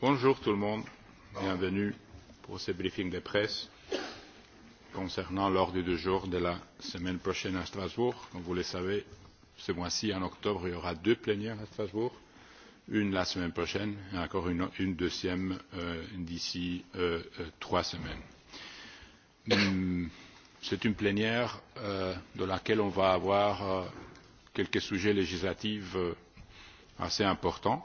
Bonjour tout le monde, bienvenue pour ce briefing de presse concernant l'ordre du jour de la semaine prochaine à Strasbourg. Comme vous le savez, ce mois-ci, en octobre, il y aura deux plénières à Strasbourg, une la semaine prochaine et encore une, une deuxième euh, d'ici euh, euh, trois semaines. Hmm, c'est une plénière euh, de laquelle on va avoir euh, quelques sujets législatifs euh, assez importants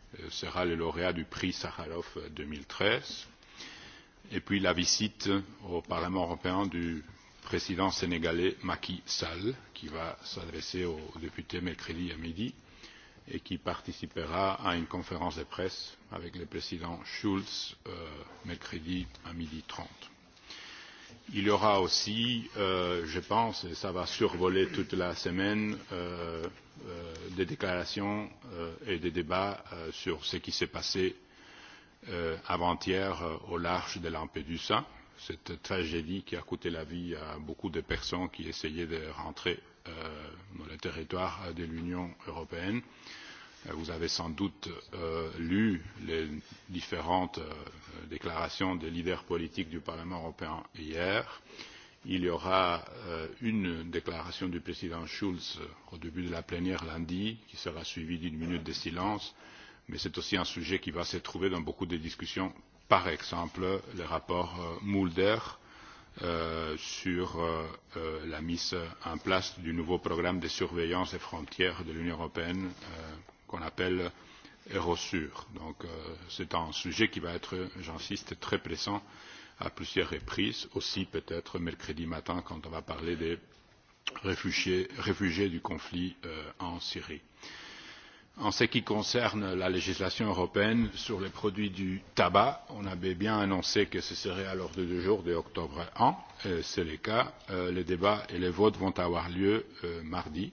Euh, sera le lauréat du prix sakharov deux mille treize et puis la visite au parlement européen du président sénégalais macky sall qui va s'adresser aux députés mercredi à midi et qui participera à une conférence de presse avec le président schulz euh, mercredi à midi trente. il y aura aussi euh, je pense et cela va survoler toute la semaine Euh, des déclarations euh, et des débats euh, sur ce qui s'est passé avant hier au large de lampedusa cette tragédie qui a coûté la vie à beaucoup de personnes qui essayaient de rentrer dans le territoire de l'union européenne. vous avez sans doute lu les différentes déclarations des leaders politiques du parlement européen hier il y aura euh, une déclaration du président schulz euh, au début de la plénière lundi qui sera suivie d'une minute de silence mais c'est aussi un sujet qui va se trouver dans beaucoup de discussions par exemple le rapport euh, mulder sur la mise en place du nouveau programme de surveillance des frontières de l'union européenne qu'on appelle eurosur. donc c'est un sujet qui va être j'insiste très pressant à plusieurs reprises aussi peut être mercredi matin quand on va parler des réfugiés, réfugiés du conflit euh, en syrie. en ce qui concerne la législation européenne sur les produits du tabac on avait bien annoncé que ce serait à l'ordre du jour de octobre et c'est le cas. Euh, les débats et les votes vont avoir lieu euh, mardi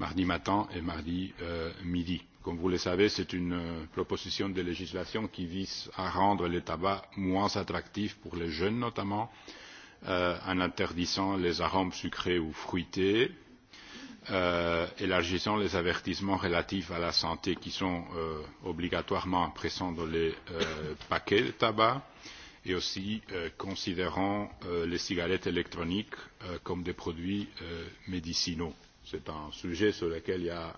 mardi matin et mardi euh, midi comme vous le savez c'est une euh, proposition de législation qui vise à rendre le tabac moins attractif pour les jeunes notamment euh, en interdisant les arômes sucrés ou fruités euh, élargissant les avertissements relatifs à la santé qui sont euh, obligatoirement présents dans les paquets de tabac et aussi considérant les cigarettes électroniques comme des produits médicinaux. c'est un sujet sur lequel il y a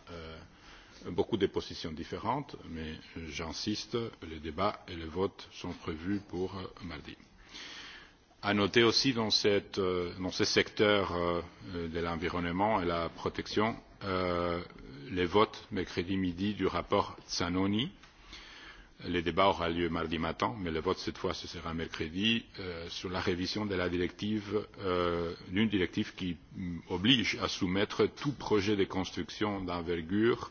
beaucoup de positions différentes mais j'insiste le débat et le vote sont prévus pour euh, mardi. à noter aussi dans, euh, dans ce secteur euh, de l'environnement et de la protection les votes mercredi midi du rapport zanoni le débat aura lieu mardi matin mais le vote cette fois ce sera mercredi sur la révision de la directive euh, d'une directive qui oblige à soumettre tout projet de construction d'envergure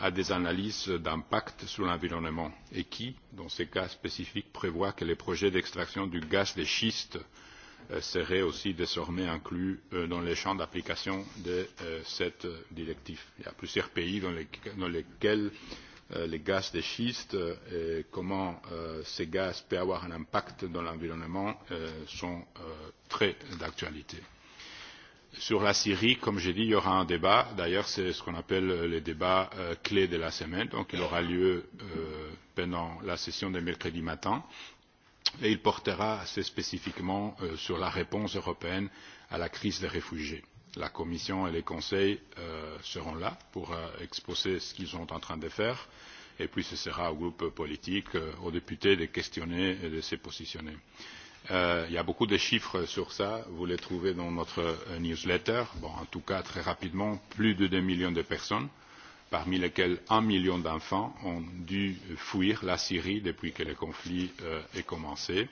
à des analyses d'impact sur l'environnement et qui dans ces cas spécifiques prévoit que les projets d'extraction du gaz de schiste euh, seraient aussi désormais inclus euh, dans le champ d'application de euh, cette directive. il y a plusieurs pays dans lesquels les gaz de schiste et comment ces gaz peuvent avoir un impact dans l'environnement sont très d'actualité sur la Syrie, comme j'ai dit, il y aura un débat. D'ailleurs, c'est ce qu'on appelle euh, les débats euh, clés de la semaine. Donc, il aura lieu euh, pendant la session de mercredi matin. Et il portera assez spécifiquement euh, sur la réponse européenne à la crise des réfugiés. La Commission et les conseils euh, seront là pour euh, exposer ce qu'ils sont en train de faire. Et puis, ce sera au groupe politique, aux députés de questionner et de se positionner. Euh, Euh, il y a beaucoup de chiffres sur ça vous les trouvez dans notre euh, newsletter bon en tout cas très rapidement plus de deux millions de personnes parmi lesquelles un million d'enfants ont dû fuir la Syrie depuis que le conflit a euh, commencé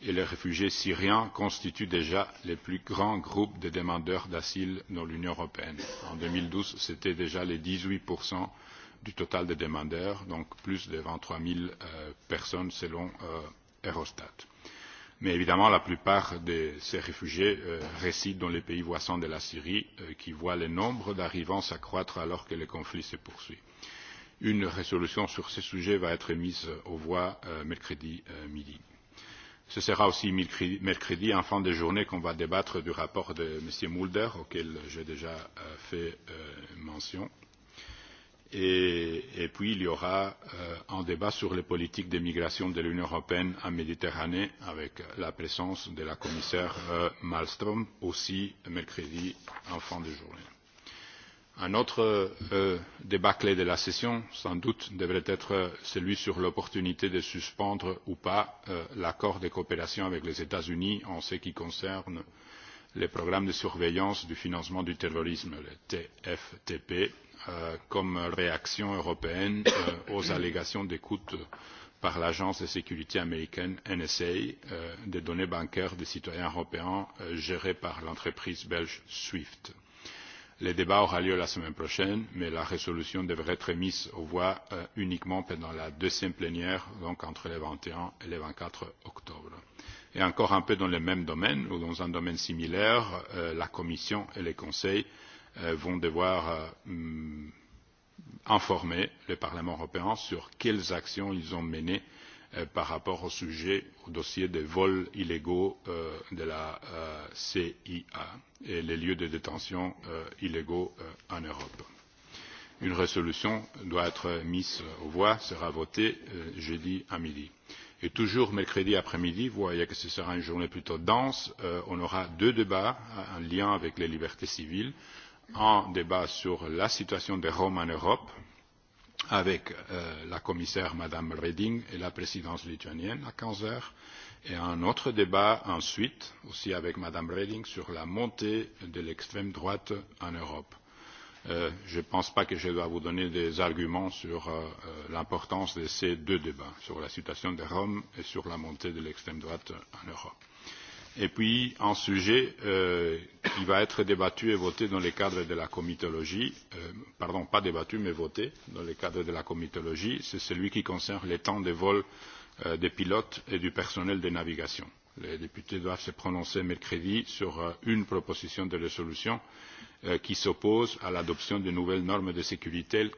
et les réfugiés syriens constituent déjà le plus grand groupe de demandeurs d'asile dans l'Union européenne en 2012 c'était déjà les 18 du total des demandeurs donc plus de 23 000 personnes selon Eurostat mais évidemment la plupart de ces réfugiés euh, résident dans les pays voisins de la syrie euh, qui voient le nombre d'arrivants s'accroître alors que le conflit se poursuit. une résolution sur ce sujet va être mise aux voix euh, mercredi midi. ce sera aussi mercredi en fin de journée qu'on va débattre du rapport de m. mulder auquel j'ai déjà fait mention et, puis il y aura euh, un débat sur les politiques d'immigration de l'union européenne en méditerranée avec la présence de la commissaire euh, Malmström, aussi mercredi en fin de journée. un autre euh, débat clé de la session sans doute devrait être celui sur l'opportunité de suspendre ou pas l'accord de coopération avec les états unis en ce qui concerne les programmes de surveillance du financement du terrorisme le tftp Euh, comme réaction européenne euh, aux allégations d'écoute par l'agence de sécurité américaine NSA euh, des données bancaires des citoyens européens gérées par l'entreprise belge SWIFT. Le débat aura lieu la semaine prochaine, mais la résolution devrait être mise aux voix uniquement pendant la deuxième plénière, donc entre le 21 et le 24 octobre. Et encore un peu dans le même domaine, ou dans un domaine similaire, la Commission et le Conseil Euh, vont devoir euh, informer le Parlement européen sur quelles actions ils ont menées euh, par rapport au sujet au dossier des vols illégaux de la CIA et les lieux de détention illégaux en Europe. Une résolution doit être mise aux voix, sera votée jeudi à midi. Et toujours mercredi après-midi, vous voyez que ce sera une journée plutôt dense, on aura deux débats en lien avec les libertés civiles un débat sur la situation des Roms en Europe avec euh, la commissaire Madame Reding et la présidence lituanienne à 15 heures et un autre débat ensuite aussi avec Madame Reding sur la montée de l'extrême droite en Europe. Euh, je ne pense pas que je dois vous donner des arguments sur euh, l'importance de ces deux débats, sur la situation des Roms et sur la montée de l'extrême droite en Europe et puis un sujet euh, qui va être débattu et voté dans le cadre de la comitologie euh, pardon pas débattu mais voté dans le cadre de la comitologie c'est celui qui concerne les temps de vol euh, des pilotes et du personnel de navigation. les députés doivent se prononcer mercredi sur une proposition de résolution qui s'oppose à l'adoption de nouvelles normes de sécurité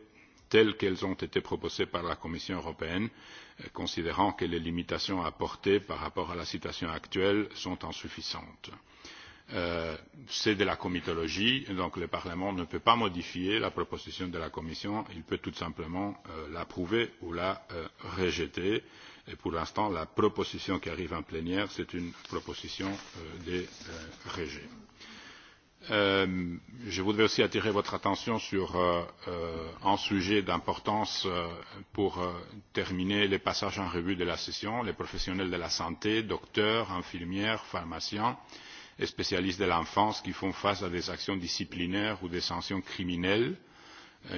telles qu'elles ont été proposées par la commission européenne Euh, considérant que les limitations apportées par rapport à la situation actuelle sont insuffisantes. Euh, c'est de la comitologie donc le parlement ne peut pas modifier la proposition de la commission il peut tout simplement euh, l'approuver ou la rejeter et pour l'instant la proposition qui arrive en plénière c'est une proposition de rejet. Euh, je voudrais aussi attirer votre attention sur euh, euh, un sujet d'importance pour terminer les passages en revue de la session les professionnels de la santé docteurs infirmières pharmaciens et spécialistes de l'enfance qui font face à des actions disciplinaires ou des sanctions criminelles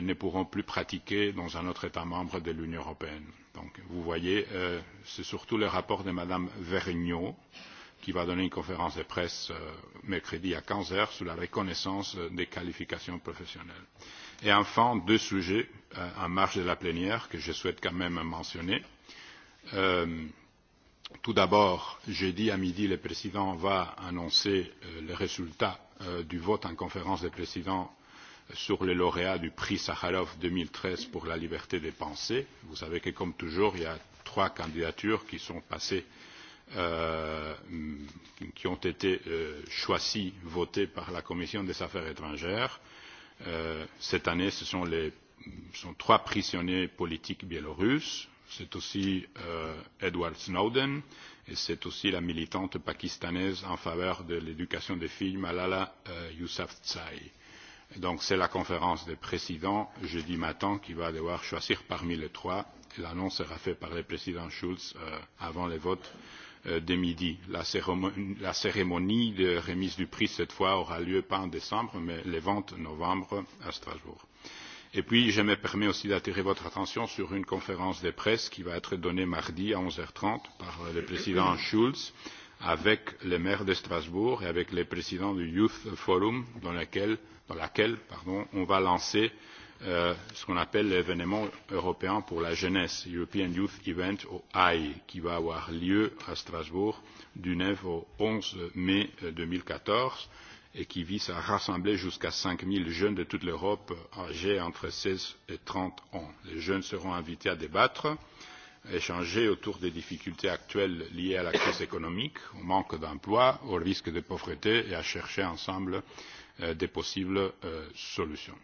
ne pourront plus pratiquer dans un autre état membre de l'union européenne. donc vous voyez c'est surtout le rapport de mme vergnaud qui va donner une conférence de presse euh, mercredi à 15 heures sur la reconnaissance euh, des qualifications professionnelles. Et enfin, deux sujets euh, en marge de la plénière que je souhaite quand même mentionner. tout d'abord, jeudi à midi, le président va annoncer les résultats du vote en conférence des présidents sur les lauréats du prix Sakharov 2013 pour la liberté des pensées. Vous savez que, comme toujours, il y a trois candidatures qui sont passées Euh, qui ont été euh, choisis, votés par la Commission des affaires étrangères. Euh, cette année, ce sont les sont trois prisonniers politiques biélorusses, c'est aussi Edward Snowden et c'est aussi la militante pakistanaise en faveur de l'éducation des filles, Malala Yousafzai. Donc c'est la conférence des présidents jeudi matin qui va devoir choisir parmi les trois. L'annonce sera faite par le président Schulz avant les votes Euh, de midi. La cérémonie, de remise du prix cette fois aura lieu pas en décembre mais le vingt novembre à strasbourg. et puis je me permets aussi d'attirer votre attention sur une conférence de presse qui va être donnée mardi à onze h trente par le président schulz avec le maire de strasbourg et avec les présidents du youth forum dans, dans laquelle pardon, on va lancer Euh, ce qu'on appelle l'événement européen pour la jeunesse European Youth Event au eye) qui va avoir lieu à Strasbourg du 9 au 11 mai 2014 euh, et qui vise à rassembler jusqu'à 5000 jeunes de toute l'Europe âgés entre 16 et 30 ans. Les jeunes seront invités à débattre, échanger autour des difficultés actuelles liées à la crise économique, au manque d'emploi, au risque de pauvreté et à chercher ensemble euh, des possibles euh, solutions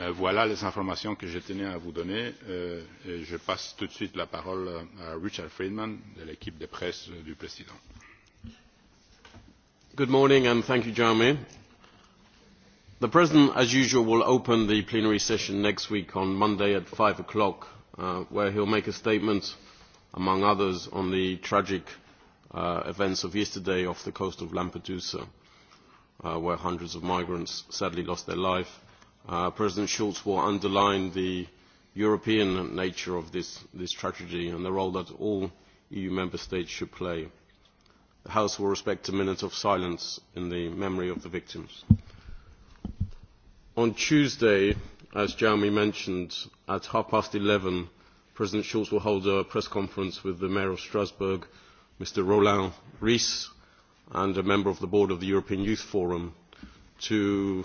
Euh, voilà les informations que je tenais à vous donner euh, et je passe tout de suite la parole à richard friedman de l'équipe de presse du président. good morning and thank you jeremy. the president as usual will open the plenary session next week on monday at five o'clock uh, where he will make a statement among others on the tragic uh, events of yesterday off the coast of lampedusa uh, where hundreds of migrants sadly lost their lives. Uh, President Schulz will underline the European nature of this, this tragedy and the role that all EU member states should play. The House will respect a minute of silence in the memory of the victims. On Tuesday, as Jeremy mentioned, at half past 11, President Schulz will hold a press conference with the Mayor of Strasbourg, Mr. Roland Ries, and a member of the board of the European Youth Forum to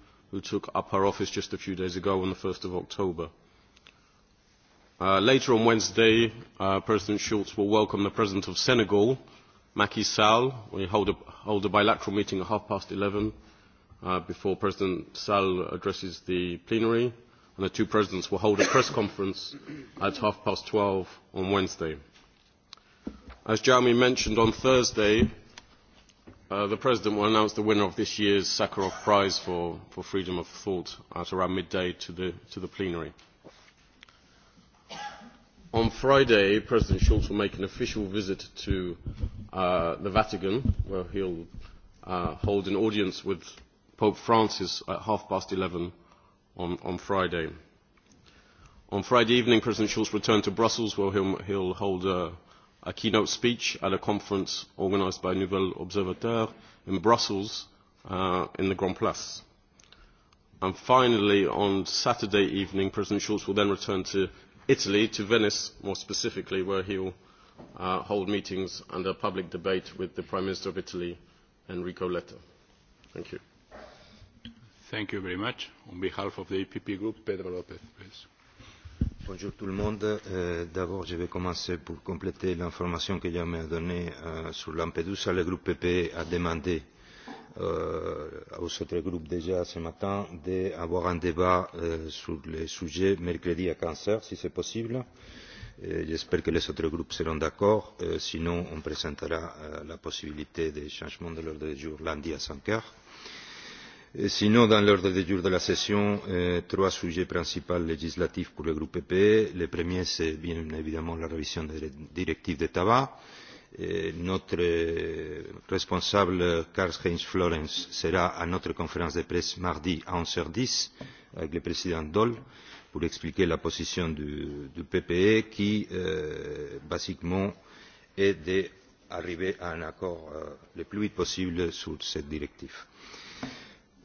who took up her office just a few days ago on the 1st of October. Uh, later on Wednesday, uh, President Schulz will welcome the President of Senegal, Macky Sall. We hold a, hold a bilateral meeting at half past 11 uh, before President Sall addresses the plenary, and the two presidents will hold a press conference at half past 12 on Wednesday. As Jeremy mentioned, on Thursday, Uh, the President will announce the winner of this year's Sakharov Prize for, for Freedom of Thought at around midday to the, to the plenary. On Friday, President Schulz will make an official visit to uh, the Vatican, where he'll uh, hold an audience with Pope Francis at half past 11 on, on Friday. On Friday evening, President Schulz return to Brussels, where he'll, he'll hold a a keynote speech at a conference organised by Nouvel Observateur in Brussels uh, in the Grand Place. And finally, on Saturday evening, President Schulz will then return to Italy, to Venice more specifically, where he will uh, hold meetings and a public debate with the Prime Minister of Italy, Enrico Letta. Thank you. Thank you very much. On behalf of the EPP group, Pedro Lopez, please. Bonjour tout le monde. Euh, D'abord, je vais commencer pour compléter l'information que m'a donnée euh, sur Lampedusa. Le groupe PPE a demandé euh, aux autres groupes déjà ce matin d'avoir un débat euh, sur le sujet mercredi à cancer, si c'est possible. J'espère que les autres groupes seront d'accord. Euh, sinon, on présentera euh, la possibilité des changements de l'ordre du jour lundi à 5 heures Eh, sinon dans l'ordre du jour de la session eh, trois sujets principaux législatifs pour le groupe ppe le premier c'est bien évidemment la révision de la directive sur le tabac eh, notre responsable karl heinz florenz sera à notre conférence de presse mardi à onze h dix avec le président daul pour expliquer la position du, du ppe qui euh, basiquement est d'arriver à un accord le plus vite possible sur cette directive.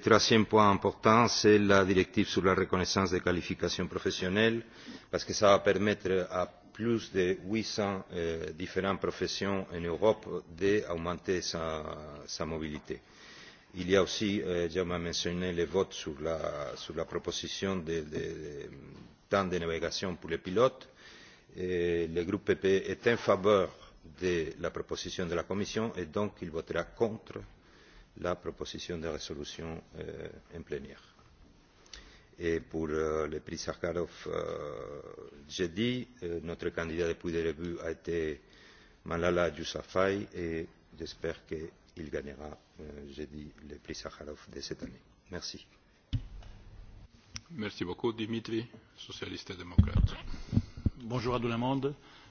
troisième point important, c'est la directive sur la reconnaissance des qualifications professionnelles, parce que cela va permettre à plus de huit cents euh, différentes professions en Europe d'augmenter sa, mobilité. Il y a aussi, euh, j'ai mentionné le vote sur la, proposition de, temps de navigation pour les pilotes. Et le groupe PPE est en faveur de la proposition de la Commission et donc il votera contre la proposition de résolution euh, en plénière. Et eh, pour euh, le prix Sakharov, eh, j'ai dit, eh, notre candidat depuis le début a été Malala Yousafzai et j'espère qu'il gagnera, jeudi, le prix Sakharov de cette année. Merci. Merci beaucoup, Dimitri, socialiste et démocrate. Bonjour à tout le monde.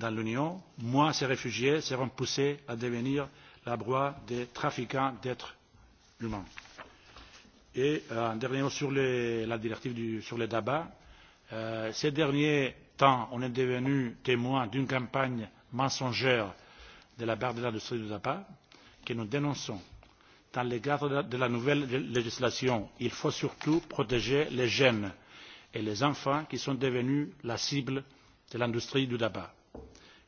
dans l'union moins ces réfugiés seront poussés à devenir la proie des trafiquants d'êtres humains. et euh, un dernier mot sur les, la directive du, sur le tabac euh, ces derniers temps on est devenu témoin d'une campagne mensongère de la part de l'industrie du tabac que nous dénonçons. dans le cadre de la nouvelle législation il faut surtout protéger les jeunes et les enfants qui sont devenus la cible de l'industrie du tabac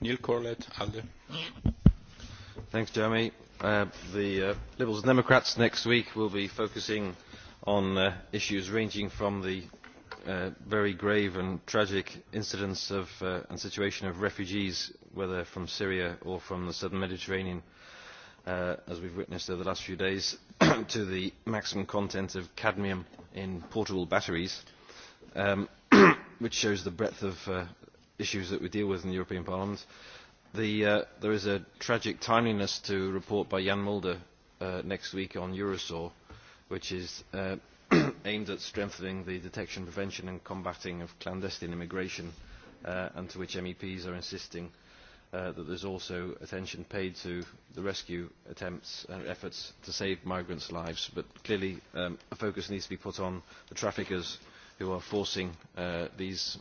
Neil Corlett, uh, the uh, Liberals and Democrats next week will be focusing on uh, issues ranging from the very grave and tragic incidents of, and situation of refugees, whether from Syria or from the southern Mediterranean, as we have witnessed over the last few days, to the maximum content of cadmium in portable batteries, um, which shows the breadth of issues that we deal with in the European Parliament. Uh, there is a tragic timeliness to report by Jan Mulder uh, next week on Eurosor, which is uh, aimed at strengthening the detection, prevention and combating of clandestine immigration, and to which MEPs are insisting that there is also attention paid to the rescue attempts and efforts to save migrants' lives. But clearly um, a focus needs to be put on the traffickers who are forcing these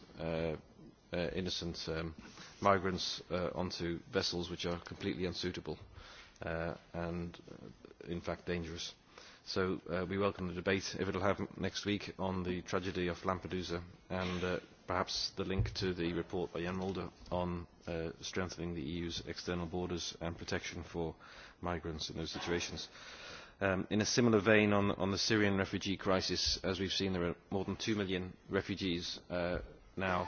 Uh, innocent um, migrants uh, onto vessels which are completely unsuitable uh, and in fact dangerous. So we welcome the debate, if it will happen next week, on the tragedy of Lampedusa and perhaps the link to the report by Jan Mulder on strengthening the EU's external borders and protection for migrants in those situations. Um, in a similar vein on, the Syrian refugee crisis, as we've seen, there are more than 2 million refugees now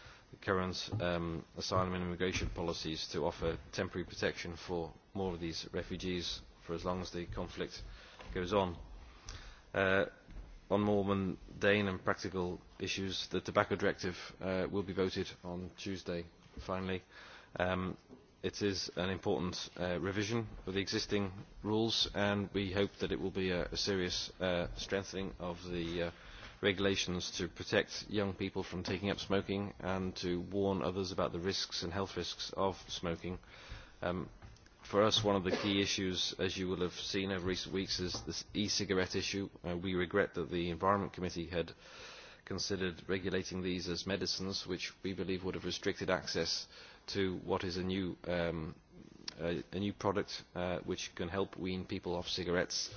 current um, asylum and immigration policies to offer temporary protection for more of these refugees for as long as the conflict goes on. Uh, on more mundane and practical issues, the tobacco directive uh, will be voted on Tuesday, finally. Um, it is an important uh, revision of the existing rules, and we hope that it will be a serious strengthening of the regulations to protect young people from taking up smoking and to warn others about the risks and health risks of smoking. Um, for us, one of the key issues, as you will have seen over recent weeks, is this e-cigarette issue. Uh, we regret that the Environment Committee had considered regulating these as medicines, which we believe would have restricted access to what is a new, um, a, new product uh, which can help wean people off cigarettes,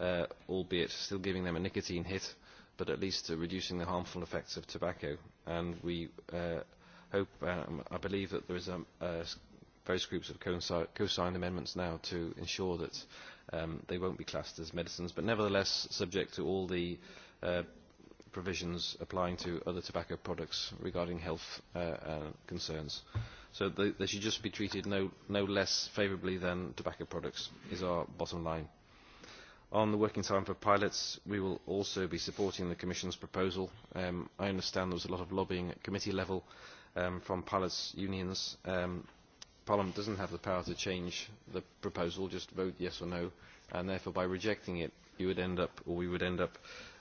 uh, albeit still giving them a nicotine hit but at least reducing the harmful effects of tobacco. And we uh, hope, um, I believe that there is a, a various groups of co-signed amendments now to ensure that um, they won't be classed as medicines, but nevertheless subject to all the uh, provisions applying to other tobacco products regarding health uh, uh, concerns. So they, they should just be treated no, no less favourably than tobacco products is our bottom line. On the working time for pilots, we will also be supporting the Commission's proposal. Um, I understand there was a lot of lobbying at committee level um, from pilots' unions. Parliament um, Parliament doesn't have the power to change the proposal, just vote yes or no, and therefore by rejecting it, you would end up, or we would end up,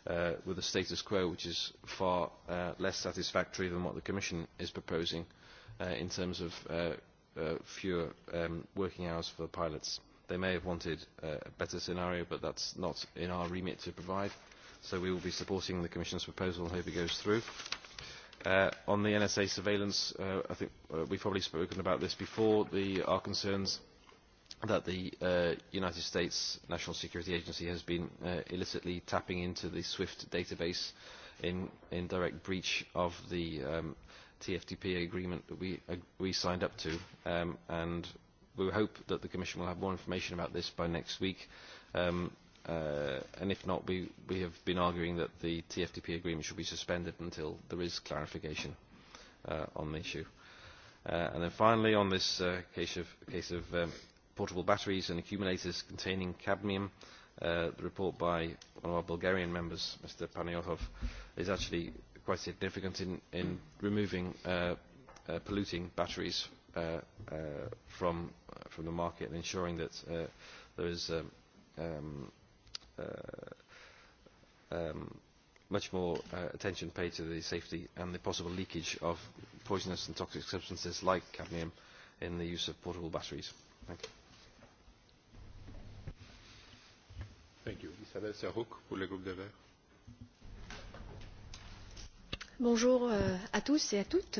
uh, with a status quo which is far uh, less satisfactory than what the Commission is proposing uh, in terms of fewer working hours for pilots. They may have wanted a better scenario, but that's not in our remit to provide. So we will be supporting the Commission's proposal and hope it goes through. Uh, on the NSA surveillance, uh, I think uh, we've probably spoken about this before. The, our concerns that the uh, United States National Security Agency has been uh, illicitly tapping into the SWIFT database in, in direct breach of the um, TFTP agreement that we, we signed up to. Um, and we hope that the Commission will have more information about this by next week. Um, uh, and if not, we, we have been arguing that the TFTP agreement should be suspended until there is clarification uh, on the issue. Uh, and then finally, on this case of, case of um, portable batteries and accumulators containing cadmium, uh, the report by one of our Bulgarian members, Mr. Paniotov, is actually quite significant in, in removing uh, uh, polluting batteries uh, uh, from from the market and ensuring that uh, there is um, um, uh, um, much more uh, attention paid to the safety and the possible leakage of poisonous and toxic substances like cadmium in the use of portable batteries. Thank you. Thank you. Isabel Serrouk pour le groupe de Verts. Bonjour euh, à tous et à toutes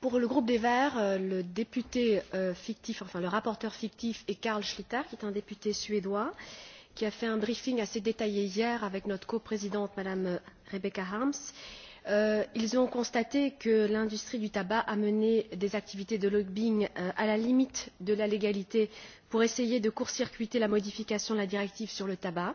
Pour le groupe des Verts, euh, le député euh, fictif, enfin le rapporteur fictif est Karl Schlitter, qui est un député suédois, qui a fait un briefing assez détaillé hier avec notre coprésidente, Madame euh, Rebecca Harms. ils ont constaté que l'industrie du tabac a mené des activités de lobbying à la limite de la légalité pour essayer de court circuiter la modification de la directive sur le tabac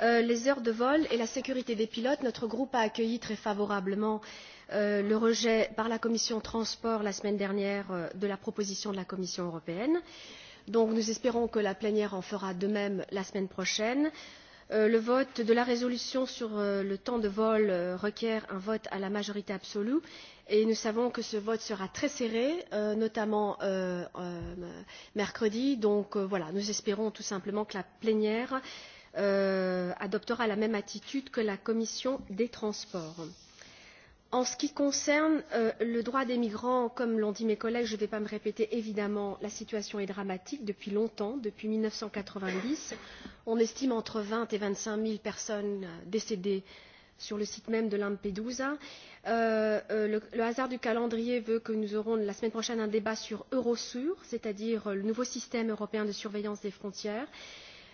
Euh, les heures de vol et la sécurité des pilotes notre groupe a accueilli très favorablement euh, le rejet par la commission des transports la semaine dernière euh, de la proposition de la commission européenne. nous espérons que la plénière en fera de même la semaine prochaine. le vote de la résolution sur le temps de vol requiert un vote à la majorité absolue et nous savons que ce vote sera très serré notamment mercredi. donc voilà nous espérons tout simplement que la plénière Euh, adoptera la même attitude que la commission des transports. En ce qui concerne euh, le droit des migrants, comme l'ont dit mes collègues, je ne vais pas me répéter évidemment la situation est dramatique depuis longtemps, depuis mille neuf cent quatre vingt dix, on estime entre vingt et vingt cinq personnes décédées sur le site même de Lampedusa. Euh, le, hasard du calendrier veut que nous aurons la semaine prochaine un débat sur Eurosur, c'est à dire le nouveau système européen de surveillance des frontières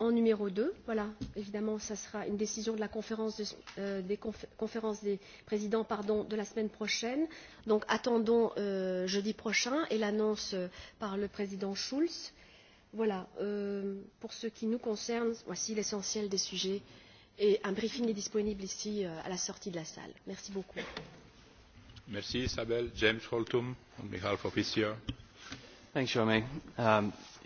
en numéro deux, Voilà, évidemment, ce sera une décision de la conférence, des, euh, conférences des présidents pardon, de la semaine prochaine. Donc attendons euh, jeudi prochain et l'annonce euh, par le président Schulz. Voilà, pour ce qui nous concerne, voici l'essentiel des sujets et un briefing est disponible ici à la sortie de la salle. Merci beaucoup. Merci Isabelle. James Holtum, on behalf Thanks,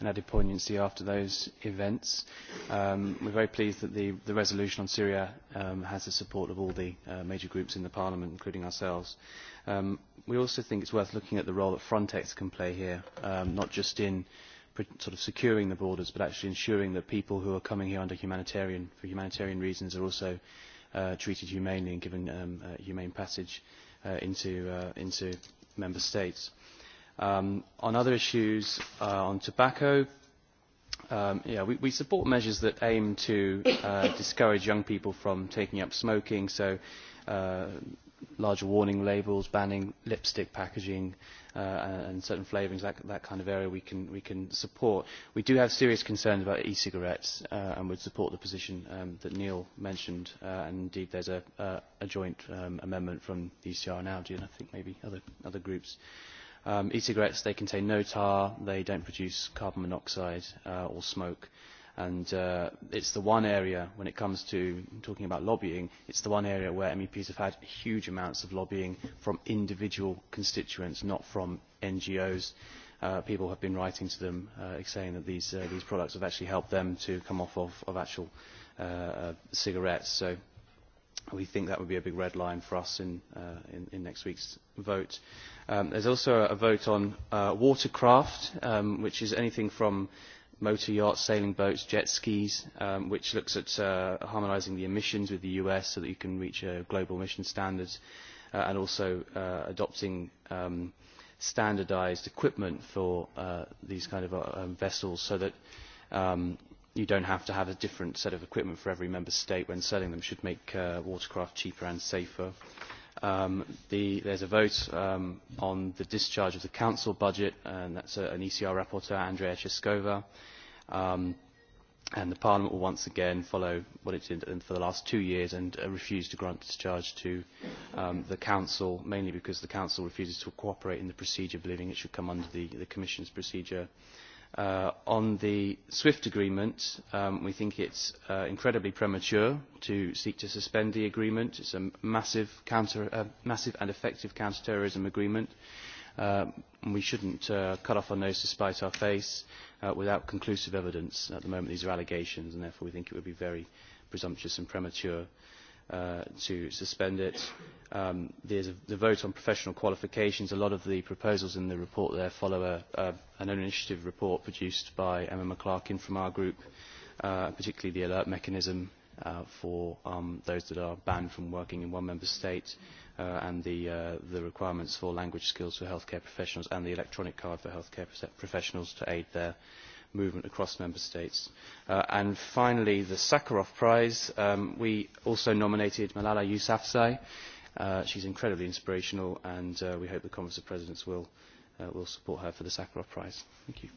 and added poignancy after those events. Um, we're very pleased that the, the resolution on Syria um, has the support of all the uh, major groups in the Parliament, including ourselves. Um, we also think it's worth looking at the role that Frontex can play here, um, not just in sort of securing the borders, but actually ensuring that people who are coming here under humanitarian, for humanitarian reasons are also uh, treated humanely and given um, uh, humane passage uh, into, uh, into member states. Um, on other issues, uh, on tobacco, um, yeah, we, we support measures that aim to uh, discourage young people from taking up smoking, so uh, larger warning labels, banning lipstick packaging uh, and certain flavourings, that, that kind of area we can, we can support. We do have serious concerns about e-cigarettes uh, and would support the position um, that Neil mentioned. Uh, and indeed, there's a, a, a joint um, amendment from the ECR now, and I think maybe other, other groups. Um, E-cigarettes, they contain no tar, they don't produce carbon monoxide uh, or smoke. And uh, it's the one area, when it comes to talking about lobbying, it's the one area where MEPs have had huge amounts of lobbying from individual constituents, not from NGOs. Uh, people have been writing to them uh, saying that these, uh, these products have actually helped them to come off of, actual uh, uh, cigarettes. So we think that would be a big red line for us in, uh, in, in next week's vote. Um, there's also a vote on uh, watercraft, um, which is anything from motor yachts, sailing boats, jet skis, um, which looks at uh, harmonising the emissions with the US so that you can reach a global emission standards, uh, and also uh, adopting um, standardised equipment for uh, these kind of uh, um, vessels so that um, you don't have to have a different set of equipment for every member state when selling them should make uh, watercraft cheaper and safer. Um, the, there's a vote um, on the discharge of the council budget, and that's an ECR rapporteur, Andrea Cheskova, Um, and the Parliament will once again follow what it did for the last two years and uh, refuse to grant discharge to um, the Council, mainly because the Council refuses to cooperate in the procedure, believing it should come under the, the Commission's procedure. Uh, on the SWIFT agreement, um, we think it's is uh, incredibly premature to seek to suspend the agreement. It's a massive, massive and effective counter terrorism agreement. and uh, we shouldn't not cut off our nose to spite our face without conclusive evidence. At the moment, these are allegations, and therefore we think it would be very presumptuous and premature. Uh, to suspend it. Um, there's the vote on professional qualifications. A lot of the proposals in the report there follow a, a, an own initiative report produced by Emma McClarkin from our group, uh, particularly the alert mechanism uh, for um, those that are banned from working in one member state uh, and the, uh, the requirements for language skills for healthcare professionals and the electronic card for healthcare professionals to aid their movement across member states. Uh, and finally, the Sakharov Prize. Um, we also nominated Malala Yousafzai. Uh, she's incredibly inspirational, and uh, we hope the Conference of Presidents will, uh, will support her for the Sakharov Prize. Thank you.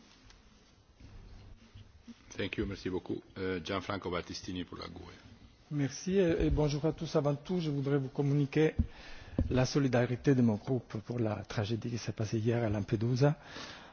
Thank you, merci beaucoup. Uh, Gianfranco Battistini pour la GUE. Merci et bonjour à tous. Avant tout, je voudrais vous communiquer la solidarité de mon groupe pour la tragédie qui s'est passée hier à Lampedusa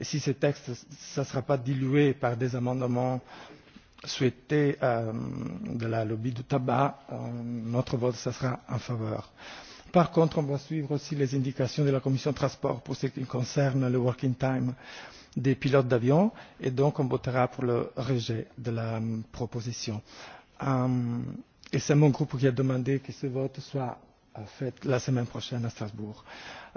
et si ce texte ne sera pas dilué par des amendements souhaités euh, de la lobby du tabac euh, notre vote ça sera en faveur. par contre on va suivre aussi les indications de la commission des transports pour ce qui concerne le working time des pilotes d'avion et donc on votera pour le rejet de la euh, proposition. Euh, et c'est mon groupe qui a demandé que ce vote soit fait, la semaine prochaine à Strasbourg.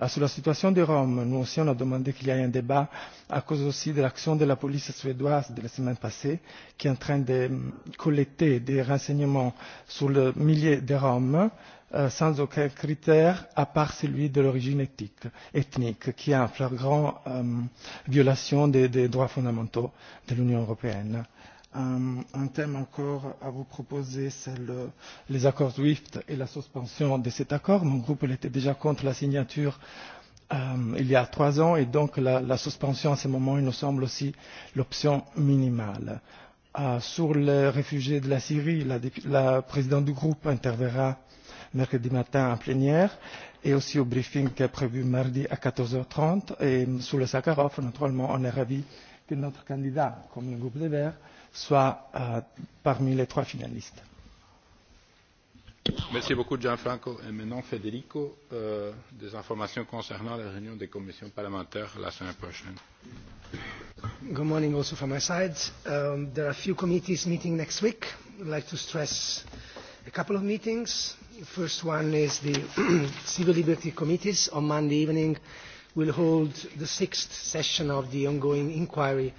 Euh, sur la situation des Roms, nous aussi on a demandé qu'il y ait un débat à cause aussi de l'action de la police suédoise de la semaine passée qui est en train de collecter des renseignements sur le millier de Roms euh, sans aucun critère à part celui de l'origine ethnique, ethnique qui est en flagrant euh, violation des, des droits fondamentaux de l'Union européenne un, un thème encore à vous proposer, c'est le, les accords SWIFT et la suspension de cet accord. Mon groupe était déjà contre la signature euh, il y a trois ans et donc la, la suspension à ce moment, il nous semble aussi l'option minimale. Euh, sur les réfugiés de la Syrie, la, la présidente du groupe interverra mercredi matin en plénière et aussi au briefing qui est prévu mardi à 14h30. Et sur le Sakharov, naturellement, on est ravis que notre candidat, comme le groupe des Verts, soit euh, parmi les trois finalistes. Merci beaucoup, Gianfranco. Et maintenant, Federico, euh, des informations concernant la réunion des commissions parlementaires la semaine prochaine. Good morning also from my side. Um, there are a few committees meeting next week. I'd like to stress a couple of meetings. The first one is the Civil Liberty Committees on Monday evening will hold the sixth session of the ongoing inquiry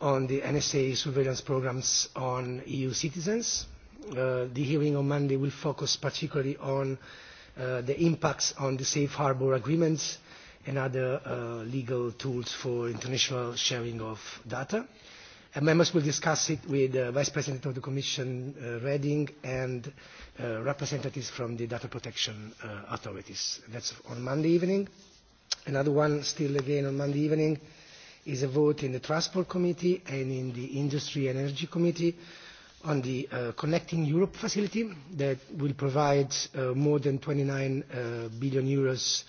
on the NSA surveillance programs on EU citizens. Uh, the hearing on Monday will focus particularly on uh, the impacts on the safe harbour agreements and other uh, legal tools for international sharing of data. And members will discuss it with the Vice President of the Commission, Reding, and representatives from the data protection authorities. That's on Monday evening. Another one, still again on Monday evening, is a vote in the Transport Committee and in the Industry and Energy Committee on the uh, Connecting Europe facility that will provide uh, more than 29 uh, billion euros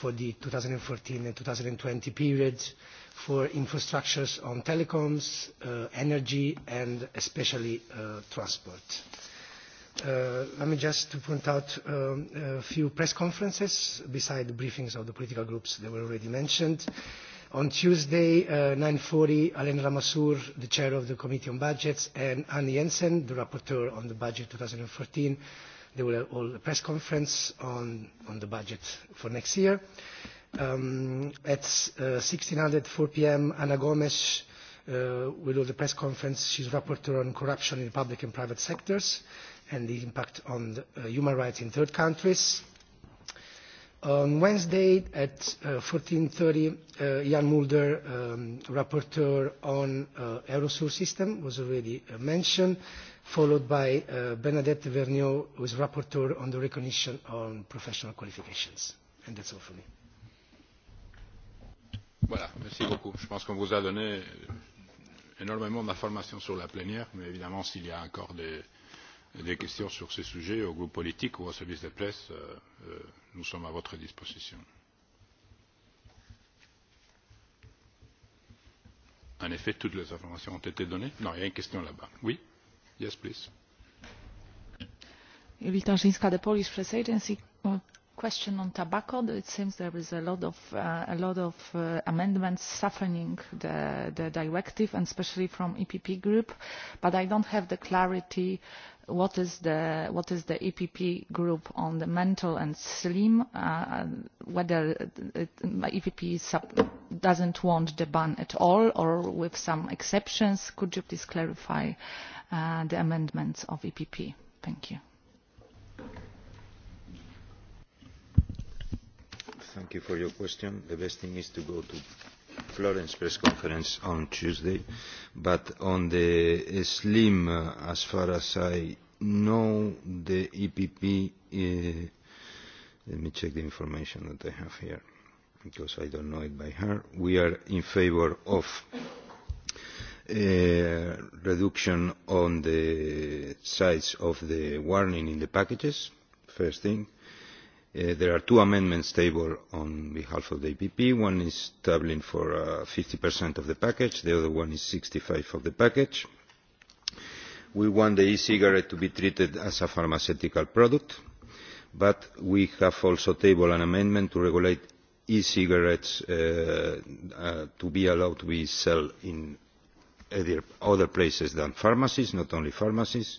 for the 2014 and 2020 period for infrastructures on telecoms, uh, energy and especially uh, transport. Uh, let me just to point out um, a few press conferences beside the briefings of the political groups that were already mentioned. On Tuesday, uh, 9.40, Alain Ramassour, the chair of the Committee on Budgets, and Anne Jensen, the rapporteur on the budget 2014, they will all a press conference on, on the budget for next year. Um, at uh, p.m., Anna Gomes uh, will hold the press conference. She's rapporteur on corruption in public and private sectors and the impact on uh, human rights in third countries. On Wednesday at 14.30, uh, Jan uh, Mulder, um, rapporteur on uh, system, was already uh, mentioned, followed by uh, Bernadette Vergniaud, who is rapporteur on the recognition on professional qualifications. And that's all for me. Voilà, merci beaucoup. Je pense qu'on vous a donné euh, énormément d'informations sur la plénière, mais évidemment, s'il y a encore des des questions sur ces sujets au groupes politiques ou au service de presse euh, euh, nous sommes à votre disposition. En effet, toutes les informations ont été données. Non, il y a une question là-bas. Oui? Yes, please. Julita Zińska, the Polish Press Agency question on tobacco it seems there is a lot of uh, a lot of uh, amendments softening the the directive and especially from epp group but i don't have the clarity what is the what is the epp group on the mental and slim uh, whether it, epp sub uh, doesn't want the ban at all or with some exceptions could you please clarify uh, the amendments of epp thank you Thank you for your question. The best thing is to go to Florence press conference on Tuesday, but on the uh, SLIM, uh, as far as I know, the EPP, uh, let me check the information that I have here, because I don't know it by heart. We are in favor of uh, reduction on the size of the warning in the packages, first thing Uh, there are two amendments tabled on behalf of the EPP. One is tabling for uh, fifty of the package. The other one is sixty five of the package. We want the e-cigarette to be treated as a pharmaceutical product, but we have also tabled an amendment to regulate e-cigarettes uh, to be allowed to be sold in other places than pharmacies, not only pharmacies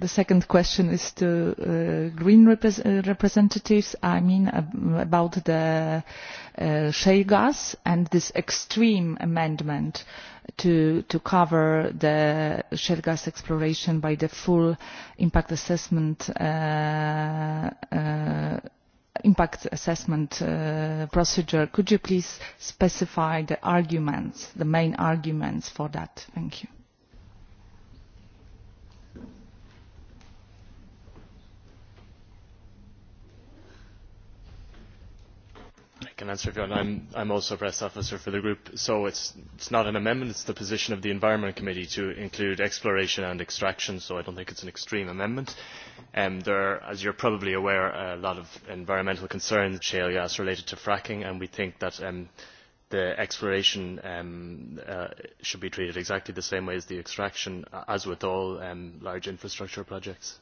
The second question is to uh, green uh, representatives, I mean about the uh, shale gas and this extreme amendment to, cover the shale gas exploration by the full impact assessment impact assessment procedure. Could you please specify the arguments, the main arguments for that? Thank you. can answer if you also a press officer for the group, so it is not an amendment, it is the position of the Environment Committee to include exploration and extraction, so I don't think it is an extreme amendment. Um, there are, as are probably aware, a lot of environmental concerns, shale gas related to fracking, and we think that um, the exploration um, uh, should be treated exactly the same way as the extraction, as with all large infrastructure projects.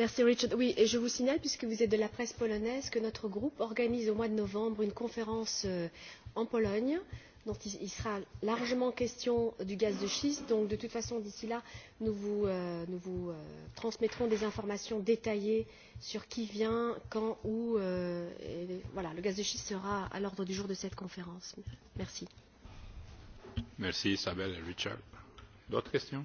Merci Richard. Oui, et je vous signale, puisque vous êtes de la presse polonaise, que notre groupe organise au mois de novembre une conférence euh, en Pologne dont il sera largement question du gaz de schiste. Donc, de toute façon, d'ici là, nous vous, euh, nous vous euh, transmettrons des informations détaillées sur qui vient, quand, où. et, voilà, le gaz de schiste sera à l'ordre du jour de cette conférence. Merci. Merci Isabelle et Richard. D'autres questions